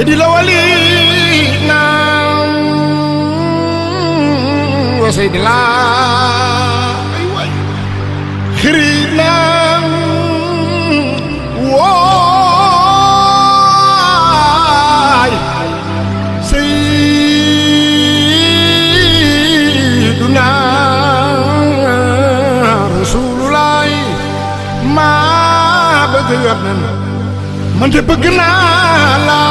jadi lawali nang oh, lah. wasai dila kiri nang wo si duna rasulai ma begerna mende begerna lah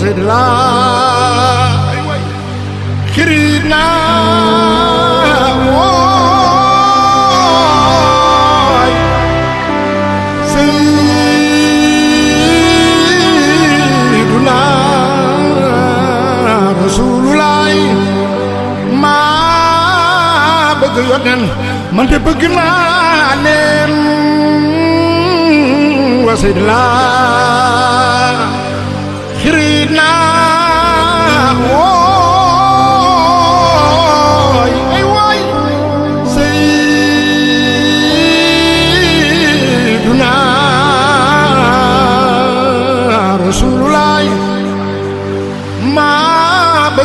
قصد لا خرينا واي سيدنا رسول الله ما bëgg yonen man de bëgg naa leen wasid laa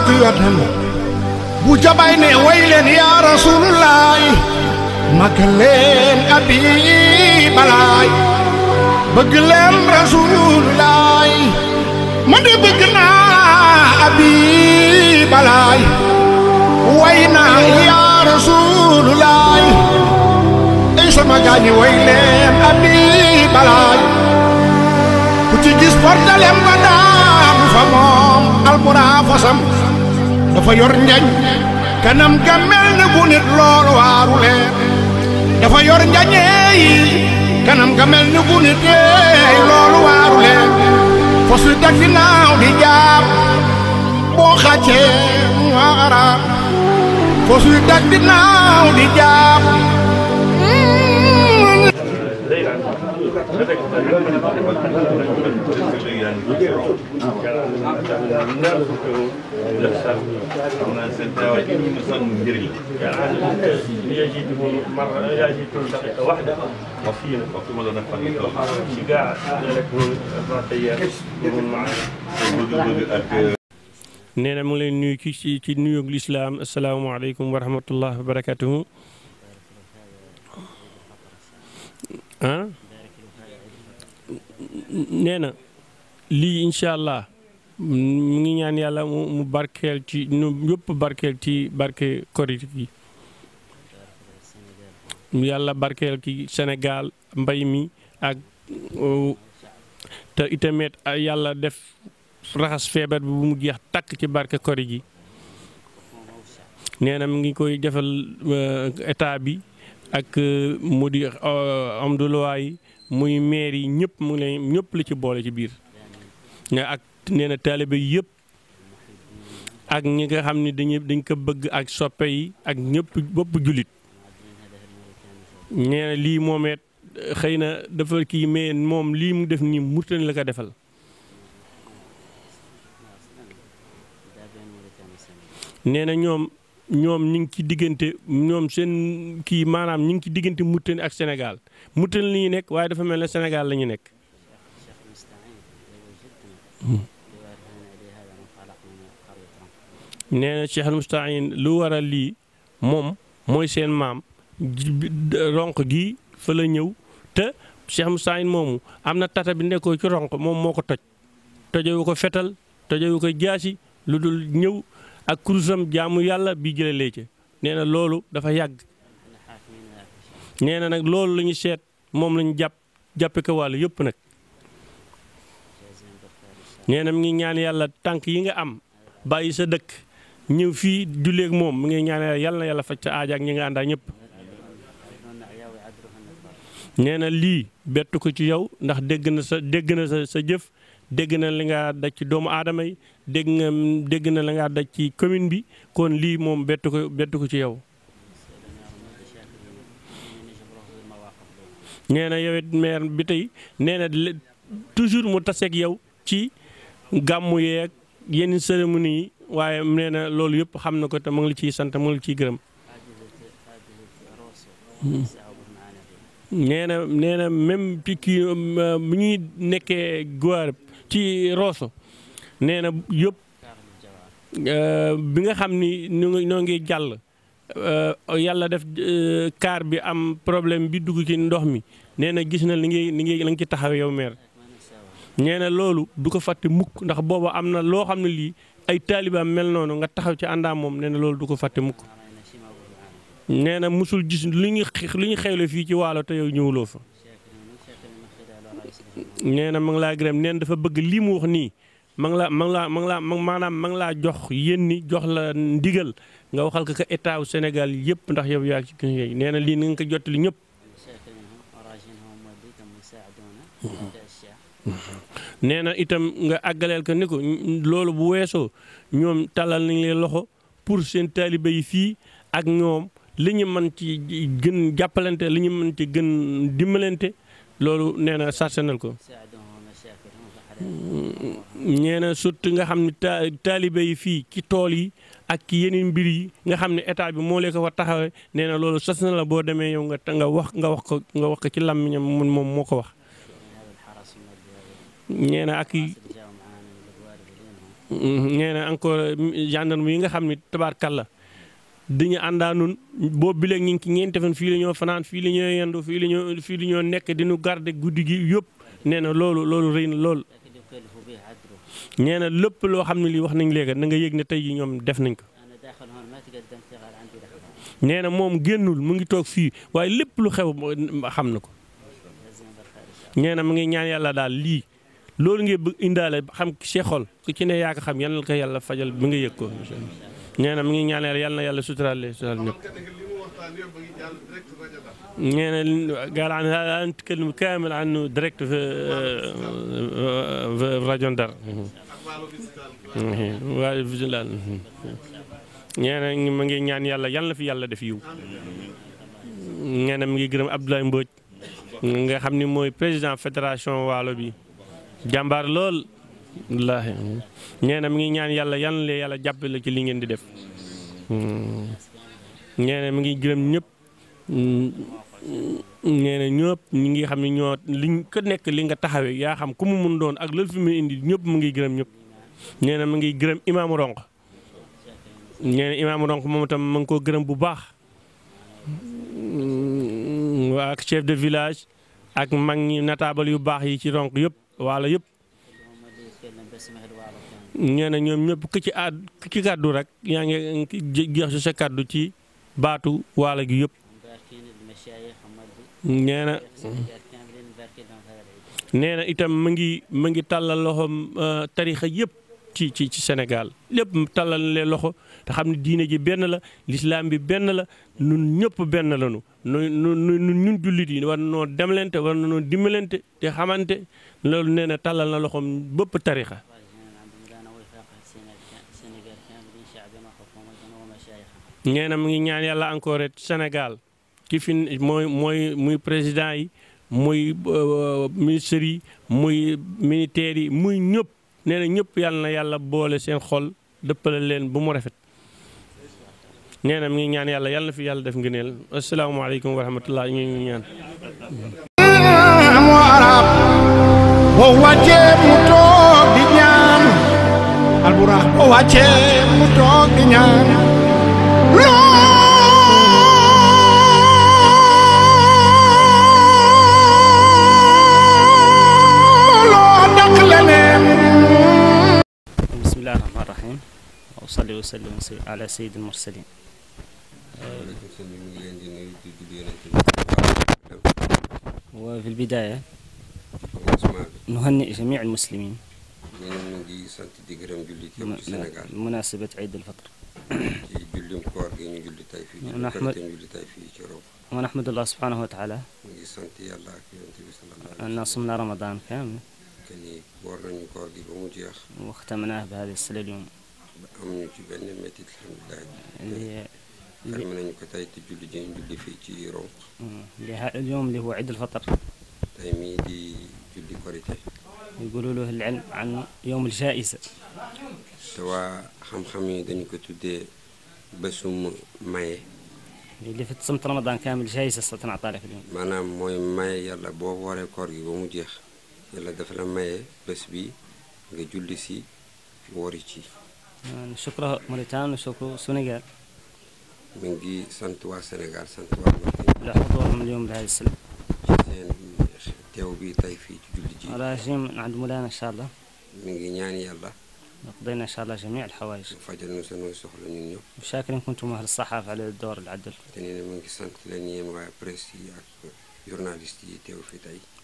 tànk yonen bu ne way yaa rasuulullaay magal leen abi balaay bëgg leen ma de bëgg naa abi balaay yaa rasuulullaay ay sama gaañi way leen abi balaay ku ci gis ba daanu fa moom alburaa fasam dafa yor njañ kanam ga ni bu nit waaru leen dafa yor njañee yi kanam ga ni bu loolu waaru leen fos li naaw di jaab boo xàccee mu araam naaw di jaab نعم نعم الإسلام السلام عليكم ورحمة الله وبركاته nee na lii incha allah mu ngi ñaan yàlla mu barkeel ci ñu yëpp barkeel ci barke korite gi yàlla barkeel ci senegal mbay mi ak oh, te itamit yàlla def raxas feebar bi bu mu geex takk ci barke kori gi nee mu ngi koy defal euh, état bi ak euh, mu di euh, am yi muy maire yi ñëpp mu ne ñëpp la ci boole ci biir nga ak nee na taalibe yëpp ak ñi nga xam ni dañu dañ ko bëgg ak soppe yi ak ñëpp bopp jullit nee lii moomeet xëy na dafa ki mais moom lii mu def nii murtan la ko defal nee ñoom ñoom ñu ngi ci diggante ñoom seen kii maanaam ñu ngi ci diggante Mauritanie ak Sénégal Mauritanie la nekk waaye dafa mel ne Sénégal la ñu nekk. nee na Cheikh al Mustain lu waral lii moom mooy seen maam ronq gi fa la ñëw te Cheikh Mustain moomu am na tata bi nekkoo ci ronq moom moo ko toj tojewu ko fetal tojewu ko jaasi lu dul ñëw. ak kurusam jaamu yàlla bi jëlee lee ca nee na loolu dafa yàgg. nee nag loolu lañu seet moom la ñu jàpp jàppe ko wàllu yëpp nag. nee na mu ngi ñaan yàlla tànk yi nga am bàyyi sa dëkk ñëw fii duleek moom mu ngi ñaan yàlla yàlla faj sa aaja ñi nga ànd ak ñëpp. lii bett ko ci yow ndax dégg na sa dégg na sa sa jëf dégg na li nga daj ci doomu aadama yi dégg nga dégg na la ngaa daj ci commune bi kon lii moom bettu ko bettu ko ci yow. nee na yow it bi tey nee na toujours mu taseeg yow ci gàmmu yeeg yenn cérémonie yi waaye nee na loolu yëpp xam na ko te mu ngi la ciy sant mu ngi la ciy gërëm. nee na nee na même euh, ñuy nekkee guwaar ci Rosso. nee na yëpp euh, bi nga xam ni ñoo ngi jàll euh, yàlla def euh, kaar bi am problème bi dugg ci ndox mi nee na gis na li ngay li ngay la ci taxaw yow meer nee na loolu du ko fàtte mukk ndax booba am na loo xam ne lii ay taalibaam mel noonu nga taxaw ci àndaam moom nee loolu du ko fàtte mukk nee na musul gis lu ñu lu ñu xewle fii ci waalo te ñëwuloo fa nee na ma laa gërëm nee dafa bëgg lii mu wax nii ma laa la laa ngi laa ma maanaam ma laa jox yéen ni jox la ndigal nga waxal ko que état wu Sénégal yëpp ndax yow yaa ci kii nee na lii ni nga ko jottali ñëpp. Mm-hmm. nee na itam nga àggaleel ko ni ko loolu bu weesoo ñoom talal nañ leen loxo pour seen taalibe yi fii ak ñoom li ñu mën ci gën jàppalante li ñu mën ci gën dimbalante loolu nee na sarsenal ko. nee na surtout nga xam ne taalibe yi fii ki tool yi ak ci yeneen mbir yi nga xam ne état bi moo leen ko fa taxawee nee na loolu sas na la boo demee yow nga nga wax nga wax ko nga wax ko ci làmmiñam moom moo ko wax. nee na ak nee na encore yi nga xam ne tabaarkalla diñu àndaanun boobu bi léegi ñu ngi ngeen ñeenti fan fii la ñoo fanaan fii la ñoo yendu fii la ñoo fii la ñoo nekk di nu guddi gi yëpp nee na loolu loolu rëy na loolu. nee lépp loo xam ne lii wax nañ léegi na nga yëg ne tey jii ñoom def nañ ko. nee na moom génnul mu ngi toog fii waaye lépp lu xew xam na ko. nee na mu ngi ñaan yàlla daal lii loolu ngay bëgg indaale xam ci xol ku ci ne yaa xam yal na ko yàlla fajal mu nga yég ko. nee na mu ngi ñaan yàlla yal na yàlla suturaal leen suturaal ñëpp. nee na gaalaan direct fi euh, euh, euh, rajo waaye vigilant nee na ma ngi ñaan yàlla yàlla fi yàlla def yiw nee na mi ngi gërëm Abdoulaye Mbodj nga xam ni mooy président fédération waalo bi jàmbaar lool wallaahi nee mi ngi ñaan yàlla yàlla na yàlla jàppale ci li ngeen di def nee na mi ngi gërëm ñëpp nee na ñëpp ngi xam ni ñoo liñ ko nekk li nga taxawee yaa xam ku mu mun doon ak loolu fi mu indi ñëpp mu ngi gërëm ñëpp nee na ma ngi gërëm imaam ronk nee na ronk moom itam ma ngi koo gërëm bu baax mm, ak chef de village ak mag ñi natabal yu baax yi ci ronk yëpp wala yëpp nee na ñoom ñëpp ku ci àdd ku ci kàddu rek yaa ngi jeex sa kàddu ci baatu wala gi yëpp nee na itam ma ngi ma ngi tàllal loxoom euh, tarixa yëpp ci ci ci Sénégal lépp talal leen loxo te xam ne ji benn la lislaam bi benn la nun ñëpp benn lañu nu ñun jullit yi war noo demlante war noo dimbalante te xamante loolu nee na talal bëpp tarixa nee na mu ngi ñaan yàlla encore Sénégal ki fi muy président yi muy euh, euh, ministres yi muy militaires yi muy ñëpp nee na ñëpp yàlla na yàlla boole seen xol dëppale leen bu mu rafet nee na ngi ñaan yàlla yàlla na fi yàlla def ngëneel asalaamaaleykum wa ñu ngi ñaan mu arab boo wàccee mu ñaan alburax boo wàccee الله الرحمن الرحيم وصلي وسلم على سيد المرسلين وفي البداية نهنئ جميع المسلمين مناسبة عيد الفطر ونحمد الله سبحانه وتعالى أن صمنا رمضان كامل وختمناه بهذه السلة اليوم اللي اللي اليوم اللي هو عيد الفطر طيب يقولوا له العلم عن يوم الجائزة سوا خم خمي دني كتودي بسوم ماي اللي في صمت رمضان كامل جايزة ستنعطى لك اليوم. ما انا ماي يلا بوفوري كورغي بومو يلا دفنا ماي بس بي bi nga سي si شكرا ci شكرا سنغال منجي Sénégal سنغال ngi لا حضور اليوم بهذا السلام seen teew طيفي tey fii ci عند مولانا إن شاء الله منجي نياني يلا نقضينا قضينا إن شاء الله جميع الحوائج فجرنا سنوي سخل نيو شاكرين كنتم أهل الصحافة على الدور العدل تنين من كسانت لنيين وبريسي جورناليستي تيو في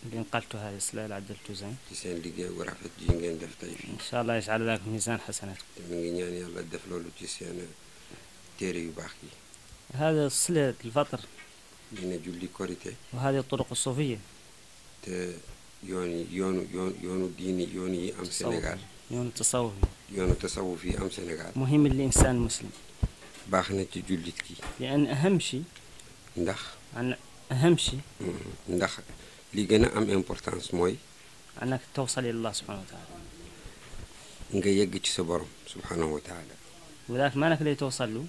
اللي نقلتو هذا لسلال عدلته زين اللي جاي وراح دقيق ورافت جين طيب ان شاء الله يجعل لك ميزان حسنات من جنيان يلا دفلو له كيسان تيري وباخي هذا السلة الفطر جينا جولي كوريتي وهذه الطرق الصوفية ت يوني يونو يونو يونو ديني يوني ام سنغال يونو تصوفي يونو تصوفي ام سنغال مهم الانسان المسلم باخنا تجولتكي لان اهم شيء ندخ عن اهم شيء ندخ لي غنا ام امبورطانس موي انك توصل الى الله سبحانه وتعالى نغا يغ سبحانه وتعالى ولاك ما لك اللي توصل له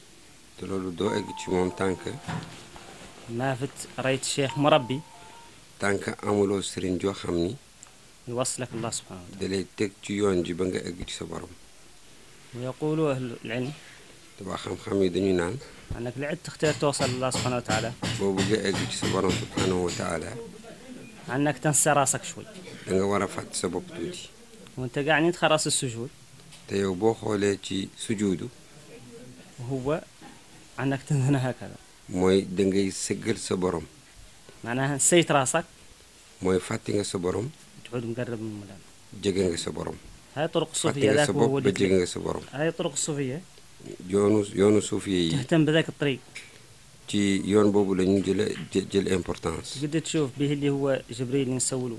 له دو اغ موم تانك ما فت رايت شيخ مربي تانك امولو سرين جو خامني يوصلك الله سبحانه وتعالى دلي تك تي يون جي بنغا اغ ويقول اهل العلم تبا خام خامي دني انك لعد تختار توصل الله سبحانه وتعالى بوبو جي اغ سبحانه وتعالى عنك تنسى راسك شوي إيه، انا ورفعت سبب توتي وانت قاعد خلاص السجود تيو بوخو ليتي سجوده هو عنك تنهنى هكذا موي دنجي سجل سبرم معناها نسيت راسك موي فاتنغ سبرم تعود مقرب من الملام جيجنغ سبرم هاي طرق الصوفية ذاك هو بجيجنغ سبرم هاي طرق الصوفية يونس يونس صوفية تهتم بذاك الطريق تي يون بوبو لا نيو جيل جيل امبورطانس قد تشوف به اللي هو جبريل اللي نسولو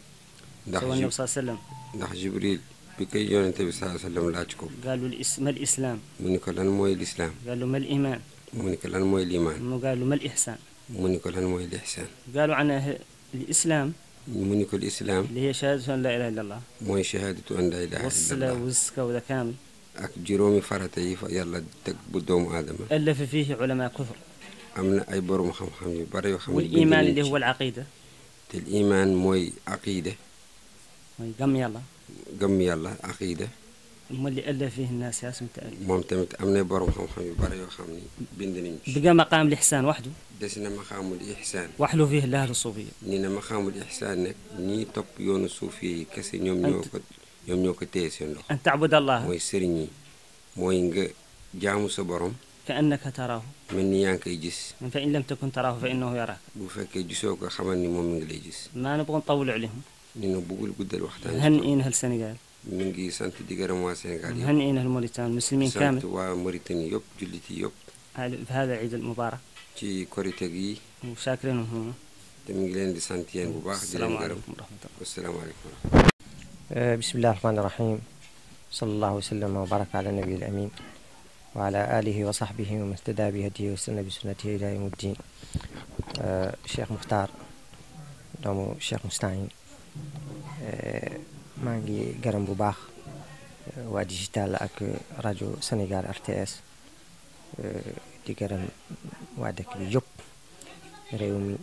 سوى النبي صلى الله عليه وسلم ناح جبريل بكي يون انت صلى الله عليه وسلم لاجكو قالوا ما الاسلام مونيكو لان موي الاسلام قالوا ما الايمان مونيكو لان موي الايمان مو قالوا ما الاحسان مونيكو لان موي الاحسان قالوا عن الاسلام مونيكو الاسلام اللي هي شهادة ان لا اله الا الله موي شهادة ان لا اله الا الله وصلة وزكا وذا كامل اك جيرومي فرتي يلا تك بدوم ادم الف فيه علماء كثر امنا اي بروم خم خم يو خم الايمان اللي هو العقيده الايمان موي عقيده موي قم يلا قم يلا عقيده مو اللي الا فيه الناس يا سمت ممتم امنا بروم خم خم يو بري خم بقى مقام الاحسان وحده دسنا مقام الاحسان وحلو فيه الله الصوفيه نينا مقام الاحسان نك. ني توب يون صوفي كسي نيوم نيوك يوم نيوك تيسن ان تعبد الله موي سيرني موي جامو سبروم كأنك تراه من يانك يجس فإن لم تكن تراه فإنه يراك بو فك يجسوك خمني مو من يجس ما نبغى نطول عليهم لانه بقول قد الوحدة هن إين هالسنغال من جي سانت ديغر مو سنغال هن إين هالموريتان مسلمين كامل سانت وموريتاني يوب جلتي يوب في هذا عيد المبارك تي كوريتاغي وشاكرين هم تمغلين دي سانتيان بو باخ السلام عليكم ورحمه الله والسلام عليكم آه، بسم الله الرحمن الرحيم صلى الله وسلم وبارك على النبي الامين وعلى آله وصحبه ومن اهتدى بهديه وسن بسنته إلى يوم الدين الشيخ آه مختار دومو الشيخ مستعين آه مانجي قرم بباخ و ديجيتال اك راديو سنغال ار تي اس دي كرم وعدك يوب ريومي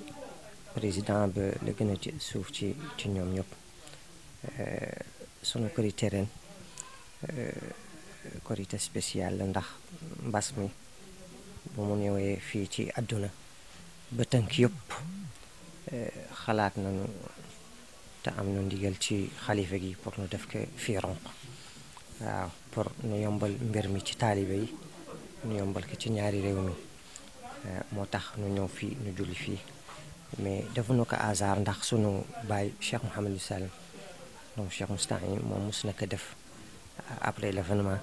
بريزيدان ب لغنا سوف تي تي نيوم يوب سونو كريتيرن korité spécial la ndax mbas mi bu mu ñëwee fii ci àdduna ba tënk yëpp eh, xalaat nañu te am na ndigal ci xalifa gi pour nu def ko fii ronq waaw pour nu yombal mbir mi ci taalibe yi nu yombal ko ci ñaari réew mi eh, moo tax nu ñëw fii nu julli fii mais defuñu ko hasard ndax sunu baay Cheikh Mouhamadou Salim moom moom mos na ko def après l'événement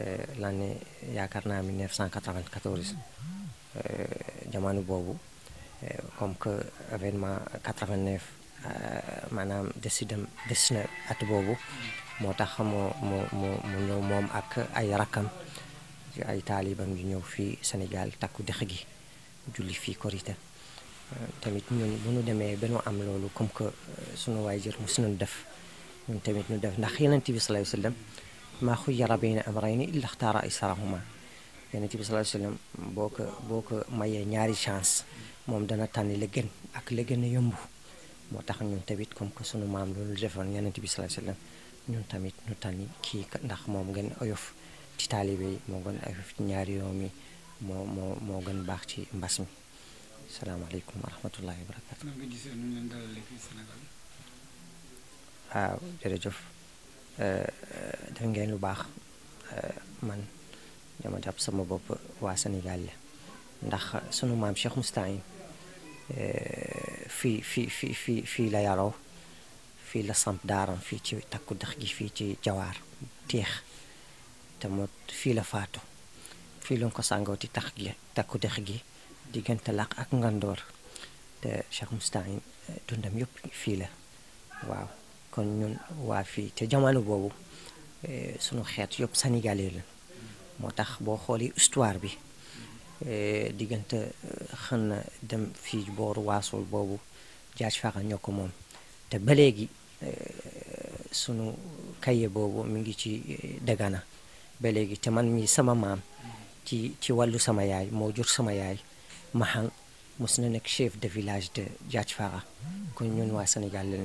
euh, ne yaakaar naa 1994 euh, jamono boobu euh, comme que événement 89 maanaam décidem des na at boobu moo tax mu mu mu ñëw moom ak ay rakkam ay taalibam yu ñëw fii Sénégal takku dex gi julli fii korite tamit ñun mu ñu demee ba am loolu comme que sunu waay jër su nañu def ñun tamit ñu def ndax yonent bi sallallahu alayhi wa sallam maa xuyyara bayna amrayni illa xtaara aysarahuma yonent bi sallallahu alayhi wa boo ko boo ko mayee ñaari chance moom dana tànn la gën ak la gën a yomb moo tax ñun tamit comme que sunu maam loolu defoon yonent bi sallallahu alayhi wa sallam tamit ñu tànn kii ndax moom gën oyof ci taalibe yi moo gën oyof ci ñaari yoom yi moo moo moo gën baax ci mbas mi salaamaaleykum wa rahmatullahi wa barakatu waaw jërëjëf euh, euh, def ngeen lu baax euh, man dama jàpp sama bopp waa Sénégal la ndax sunu maam Cheikh Moustahine fii fii fii fii fii la yaroo fii la samp daaram fii ci takku dex gi fii ci jawaar teex te moo fii la faatu fii lañ ko sàngoo ci tax gi takku dex gi diggante làq ak ngandoor te Cheikh Moustahine dundam yépp fii la waaw kon ñun waa fii te jamono boobu eh, sunu xeet yëpp sénégalais la moo tax boo xoolee histoire bi eh, diggante eh, xën na dem fii booru waasul boobu jaaj faxa ñoo ko moom te ba léegi sunu kaye boobu mi ngi ci dagana ba léegi te man mii sama maam ci ci wàllu sama yaay moo jur sama yaay maxan mos na nekk chef de village de jaaj faxa kon ñun waa Sénégal la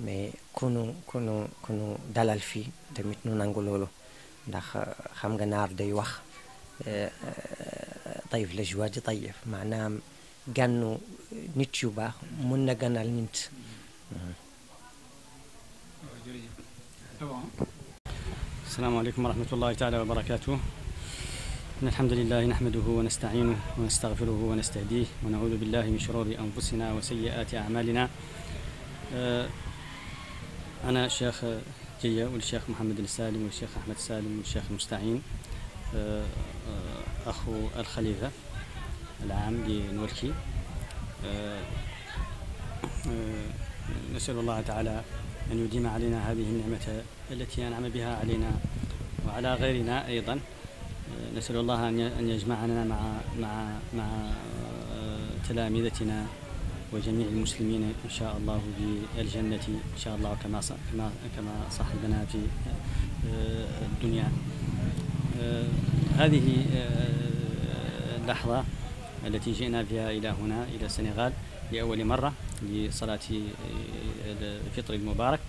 me kunu kunu kunu dalal fi tamit السلام عليكم ورحمة الله تعالى وبركاته إن الحمد لله نحمده ونستعينه ونستغفره ونستهديه ونعوذ بالله من شرور أنفسنا وسيئات أعمالنا أنا الشيخ جية والشيخ محمد السالم والشيخ أحمد السالم والشيخ المستعين آه، آه، أخو الخليفة العام لنوركي آه، نسأل الله تعالى أن يديم علينا هذه النعمة التي أنعم بها علينا وعلى غيرنا أيضا نسأل الله أن يجمعنا مع مع مع تلامذتنا وجميع المسلمين إن شاء الله في الجنة إن شاء الله كما كما كما صاحبنا في آه، الدنيا آه، هذه آه، اللحظة التي جئنا فيها إلى هنا إلى السنغال لأول مرة لصلاة الفطر المبارك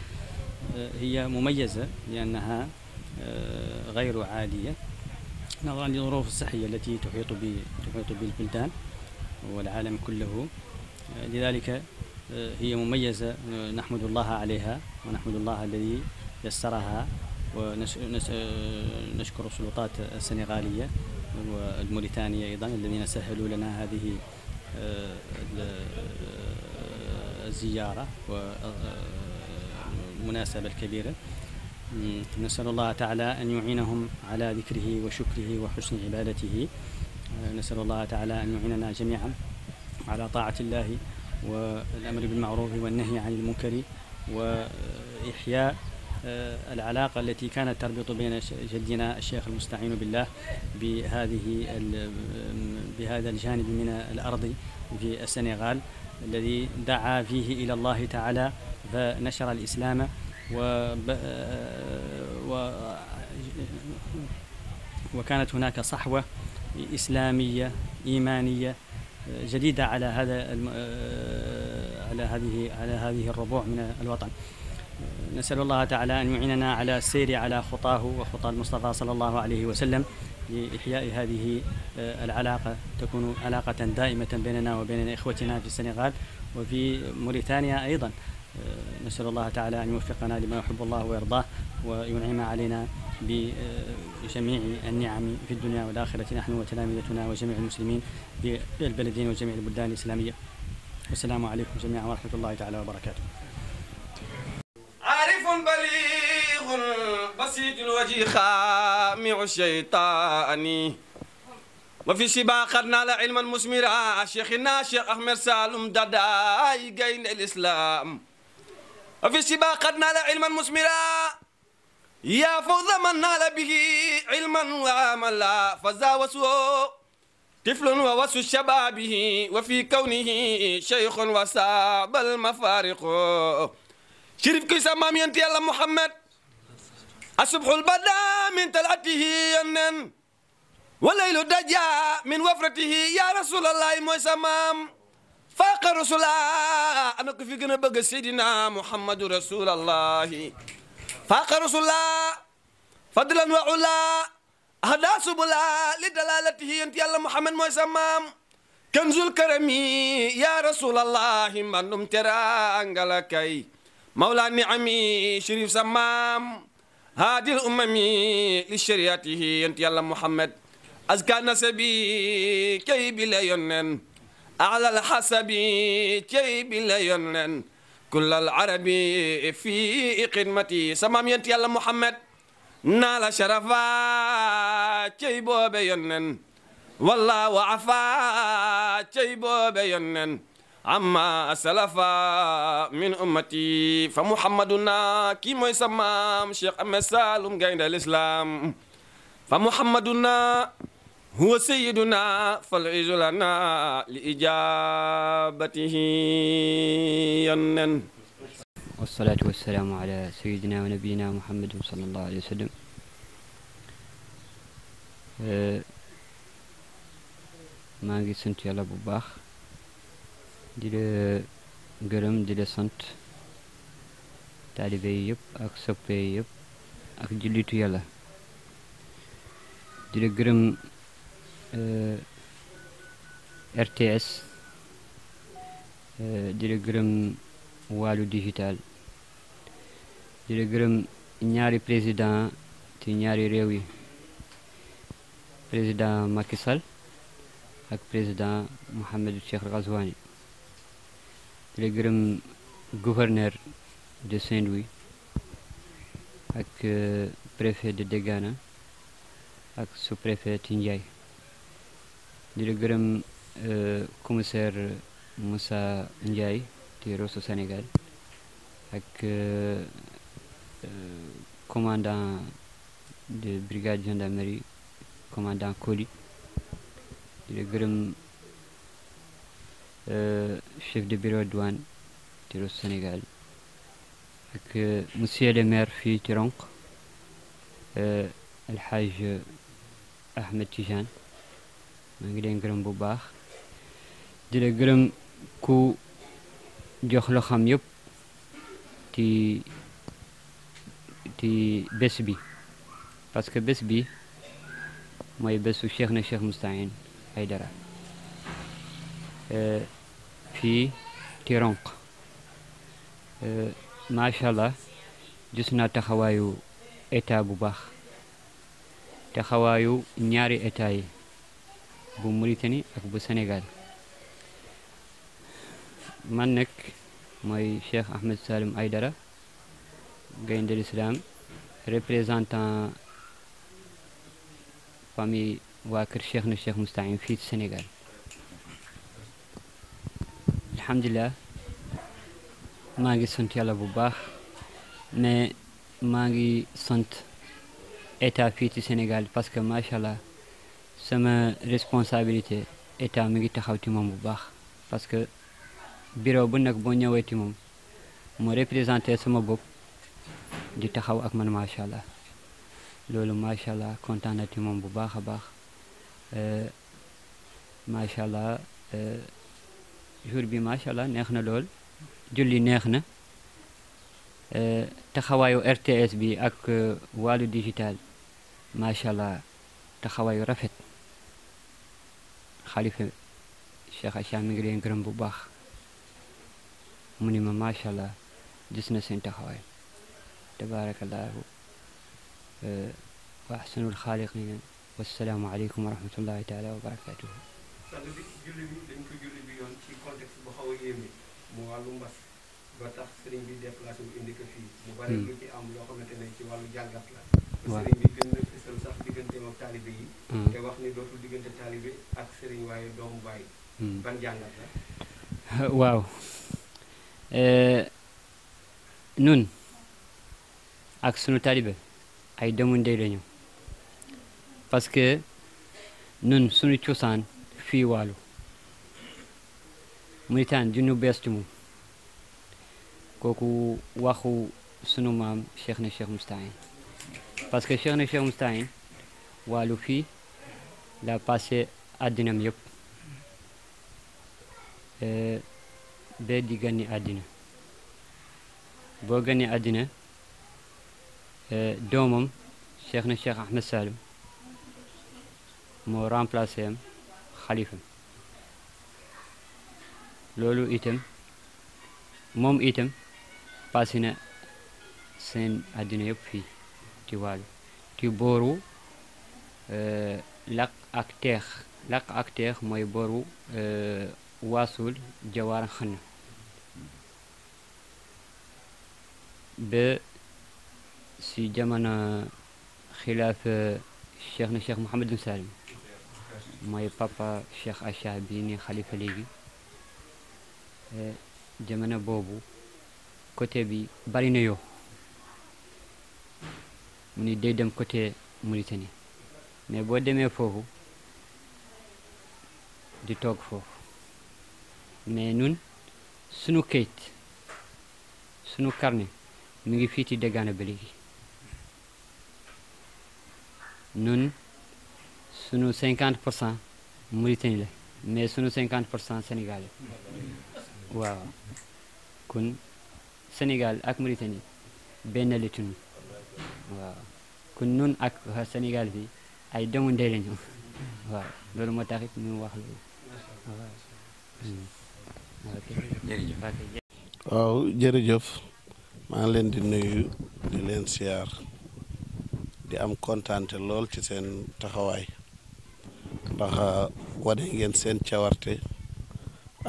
هي مميزة لأنها غير عادية نظرا للظروف الصحية التي تحيط تحيط بالبلدان والعالم كله لذلك آه، هي مميزة آه، نحمد الله عليها ونحمد الله الذي يسرها ونشكر آه، السلطات السنغالية والموريتانية أيضا الذين سهلوا لنا هذه الزيارة والمناسبة الكبيرة نسأل الله تعالى أن يعينهم على ذكره وشكره وحسن عبادته نسأل الله تعالى أن يعيننا جميعا على طاعة الله والأمر بالمعروف والنهي عن المنكر وإحياء آه، العلاقة التي كانت تربط بين جدنا الشيخ المستعين بالله بهذه بهذا الجانب من الأرض في السنغال الذي دعا فيه إلى الله تعالى فنشر الإسلام و آه، وكانت هناك صحوة إسلامية إيمانية جديده على هذا آه، على هذه على هذه الربوع من الوطن. نسال الله تعالى ان يعيننا على السير على خطاه وخطى المصطفى صلى الله عليه وسلم لاحياء هذه آه، العلاقه تكون علاقه دائمه بيننا وبين اخوتنا في السنغال وفي موريتانيا ايضا. نسأل الله تعالى أن يوفقنا لما يحب الله ويرضاه وينعم علينا بجميع النعم في الدنيا والآخرة نحن وتلامذتنا وجميع المسلمين في البلدين وجميع البلدان الإسلامية والسلام عليكم جميعا ورحمة الله تعالى وبركاته عارف بليغ بسيط الوجه خامع الشيطان وفي سبا خدنا علما مثمرا شيخنا شيخ احمد سالم دداي جين الاسلام في السباق قد نال علما مثمرا يا فوز من نال به علما وعملا فزا وسوء طفل ووس شبابه وفي كونه شيخ وصاب المفارق شريف كيس امام ينتي الله محمد الصبح البدا من طلعته ينن والليل دجا من وفرته يا رسول الله موسى مام فاق رسول الله انا كيف كنا بقى سيدنا محمد رسول الله فاق رسول الله فضلا وعلا هدا سبلا لدلالته انت يا محمد ما مام كنز الكرمي يا رسول الله ما من ترى انقلكي مولى نعمي شريف سمام هذه الامم لشريعته انت يا محمد ازكى نسبي كي بلا يونن على الحسب تيب la كل العرب في خدمتي سمام ينت يلا محمد نال شرفا تيب بوبا والله وعفا تيب بوبا عما سلفا من أمتي فمحمدنا كي موي سمام شيخ أم سالم الإسلام فمحمدنا هو سيدنا فالعز لنا لإجابته ينن والصلاة والسلام على سيدنا ونبينا محمد صلى الله عليه وسلم أه، ما سنت يلا بباخ دي قرم دي سنت تالي يب أك سبي يب أك جلتو يلا دي قرم RTS di la gërëm wàllu digital di la gërëm ñaari président ci ñaari réew yi président Macky Sall ak président Mouhamadou Cheikh Ghazouani di la gërëm gouverneur de Saint-Louis ak euh, préfet de Degana ak sous-préfet Tindiaye Le euh, commissaire Moussa Ndiaye est au Sénégal le euh, euh, commandant de brigade gendarmerie commandant Koli le chef de bureau de douane du Sénégal ak monsieur le maire Fille Tironque, le El Ahmed Tijan. maa ngi leen gërëm bu baax di la gërëm ku jox loo xam yëpp ci ci bés bi parce que bés bi mooy bésu Cheikh na Cheikh ay dara euh, fii ci Ronk euh, macha allah gis naa taxawaayu état bu baax taxawaayu ñaari état yi bu Mauritanie ak bu Sénégal man nag mooy Cheikh Ahmed Salim Aydara gaynde l'islam représentant famille waa kër Cheikh na Cheikh Moustahine fii ci Sénégal alhamdulilah maa ngi sant yàlla bu baax mais maa ngi sant état fii ci Sénégal parce que macha sama responsabilité état mi ngi taxaw ci moom bu baax parce que bureau bu nekk boo ñëwee ci moom mu représenté sama bopp di taxaw ak man macha allah loolu macha allah kontaan na moom bu baax a baax euh, macha allah euh, jour bi macha allah neex na lool julli neex na euh, taxawaayu RTS bi ak wàllu digital macha allah taxawaayu rafet. xalifa Cheikh Acha mi ngi leen gërëm bu baax mu ni ma macha allah gis na seen taxawaay tabaarakallaahu euh, wa ahsanul xaaliqiina wassalaamu aleykum wa rahmatullahi taala wa barakaatuhu mu wàllu mu ci am loo xamante ne ci wàllu jàngat la sëriñ hmm. wax ni dootul diggante taalibe hmm. waaw eh, nun ak sunu taalibe ay doomu ndey lañu parce que nun sunu cosaan fii waalu Mauritanie dinu bees ci moom kooku waxu sunu maam Cheikh ne Cheikh Moustahine باسكو شيخنا الشيخ مستعين والو في لا باسي ادنا ميب أه غني ادنا بو غني ادنا دومم شيخنا الشيخ احمد سالم مو رامبلاسيم خليفه passé na seen àddina festival ci booru laq ak teex laq ak teex mooy booru waasul jawaar xën ba si jamono xilaaf cheikh na cheikh Mouhamadou Salim mooy papa cheikh Acha bii ni xalifa léegi jamono boobu côté bi bari na yoo mu ni day dem côté Mauritanie mais boo demee foofu di toog foofu mais nun sunu kayit sunu carnet mu ngi fii ci Dagana ba léegi nun sunu 50 pour cent Mauritanie la mais sunu 50 pour cent Sénégal la waaw kon Sénégal ak Mauritanie benn la tunu waaw kon ñun ak Sénégal bi ay doomu ndey lañu waaw loolu moo taxit ñu wax loolu waaw. jërëjëf maa ngi leen di nuyu di leen siyaar di am kontaante lool ci seen taxawaay ndax ah, wane ngeen seen cawarte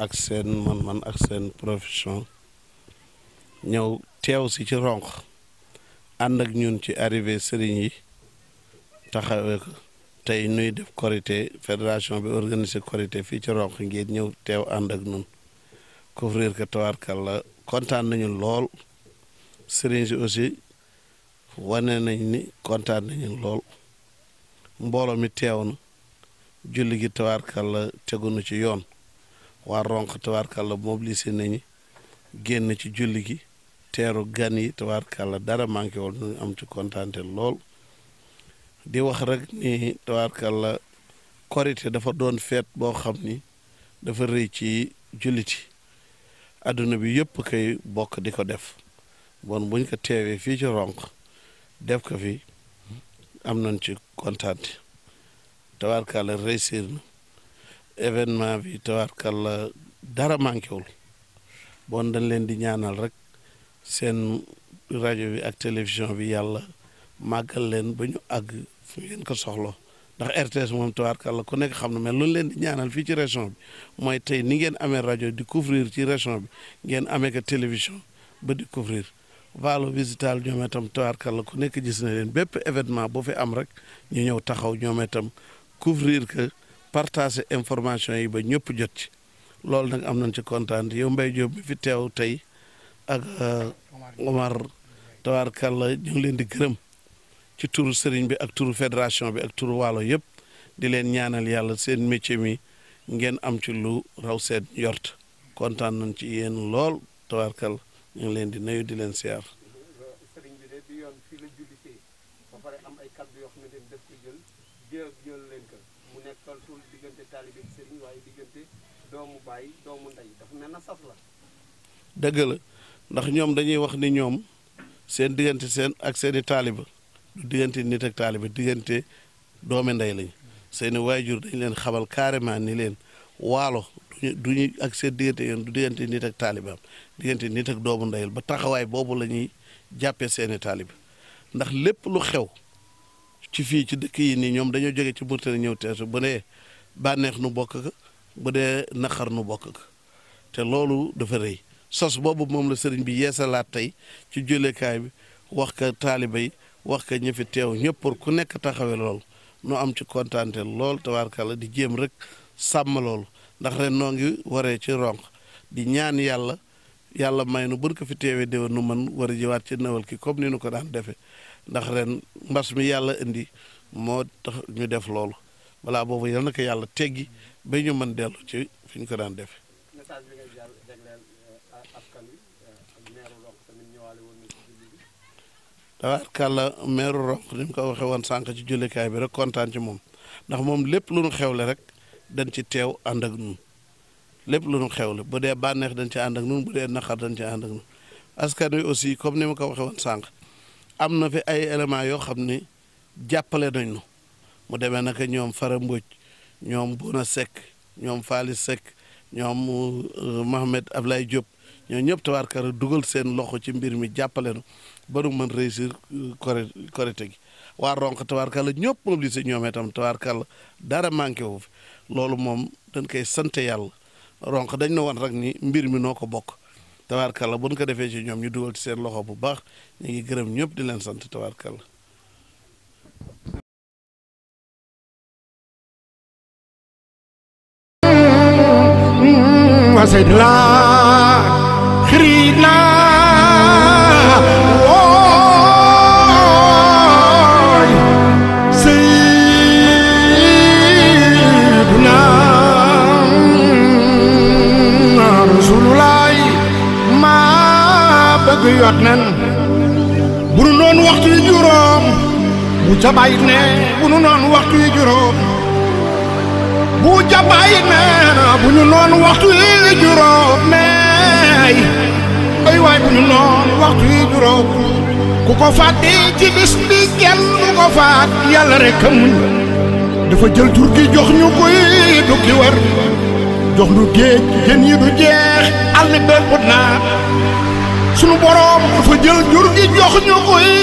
ak seen man-man ak seen profession ñëw teew si ci ronk ànd ak ñun ci arrivé sëriñ yi taxawee ko tey nuy def korité fédération bi organisé korité fii ci ronk ngeen ñëw teew ànd ak ñun couvrir ko tawaarkal la kontaan nañu lool sëriñ si aussi wane nañ ni kontaan nañu lool mbooloo mi teew na julli gi tawaarkal la tegu ci yoon waa ronk tawaarkal la mobilisé nañu génn ci julli gi teeru gan yi tabaarkàlla dara manqué wol ñu am ci kontaante lool di wax rek ni la korite dafa doon feet boo xam ni dafa rëy ci julliti àdduna bi yëpp koy bokk di ko def bon buñ ko teewee fii ci ronk def ko fi am nañ ci kontaante tabaarkàlla réussir na événement bi la dara manqué wul bon dañ leen di ñaanal rek seen rajo bi ak télévision bi yàlla màggal leen ba ñu àgg fu ngeen ko soxlo ndax RTS moom tabaarkàlla ku nekk xam na mais loolu leen di ñaanal fii ci région bi mooy tey ni ngeen amee rajo di couvrir ci région bi ngeen amee ko télévision ba di couvrir valo visital ñoom itam tabaarkàlla ku nekk gis na leen bépp événement boo fi am rek ñu ñëw taxaw ñoomee tam couvrir que partager information yi ba ñëpp jot ci loolu nag am nañ ci kontaan yow Mbaye fi teew tey ak euh, Omar tabaarkàlla ñu ngi leen di gërëm ci turu sëriñ bi ak turu fédération bi ak turu waalo yëpp di leen ñaanal yàlla seen métier mi ngeen am ci lu raw seen yort kontaan nañ ci yéen lool tabaarkàlla ñu leen di nayu di leen siyaar. dëgg la ndax ñoom dañuy wax ni ñoom seen diggante seen ak seeni taaliba du diggante nit ak taaliba diggante doomi ndey lañ seeni waajur dañ leen xamal carrément ni leen waalo du ak seen diggante du diggante nit ak taalibaam diggante nit ak doomu ndeyal ba taxawaay boobu la ñuy jàppee seeni taaliba ndax lépp lu xew ci fii ci dëkk yi nii ñoom dañoo jóge ci Mauritanie ñëw teesu bu dee bànneex nu bokk ka bu dee naqar nu bokk ka te loolu dafa rëy sos boobu moom la sëriñ bi yeesalaat tey ci julleekaay bi wax ka taaliba yi wax ka ñi fi teew ñëpp pour ku nekk taxawe lool noo am ci kontaante lool la di jéem rek sàmm loolu ndax ren noo ngi waree ci rong di ñaan yàlla yàlla may nu buñ ko fi teewee déwén nu man war a jiwaat ci nawal ki comme ni nu ko daan defee ndax ren mbas mi yàlla indi moo tax ñu def loolu balaa boobu yal na ko yàlla teggi ba ñu mën dellu ci fi ñu ko daan defee. dawaat kàlla meeru roq ni mu ko waxee woon sànq ci jullikaay bi rek kontaan ci moom ndax moom lépp lu nu xewle rek dañ ci teew ànd ak nun lépp lu nu xewle bu dee bànneex dañ ci ànd ak nun bu dee naqar dañ ci ànd ak nun askan wi aussi comme ni ma ko waxee woon sànq am na fi ay éléments yoo xam ni jàppale nañ nu mu demee naka ñoom Fara Mbodj ñoom Bouna Seck ñoom Faali Seck ñoom euh, Mohamed Ablaye Diop ñoo ñëpp tabaarkalla dugal seen loxo ci mbir mi jàppale nu ba nu mën réussir koré euh, korite gi waa Ronk tabaarkalla ñëpp mobilisé ñoom itam tabaarkalla dara manqué wu fi loolu moom dañ koy sant yàlla Ronk dañ na wan rek ni mbir mi noo ko bokk tabaarkalla bu ñu ko defee ci ñoom ñu dugal ci seen loxo bu baax ñu ngi gërëm ñépp di leen sant tabaarkalla mm-hmm. I yot nen bu nu noon waxtu yi juróom bu jabayit ne bu nu noon waxtu yi juróom bu jabayit ne bu nu noon waxtu yi juróom meey waay bu ñu waxtu yi juróom ku ko fàtte ci bis bi kenn du ko faat yàlla rek a muñ dafa jël jur gi jox ñu koy du ki war jox yi du jeex àll benn ut naa sunu boroom dafa jël jur gi jox ñu koy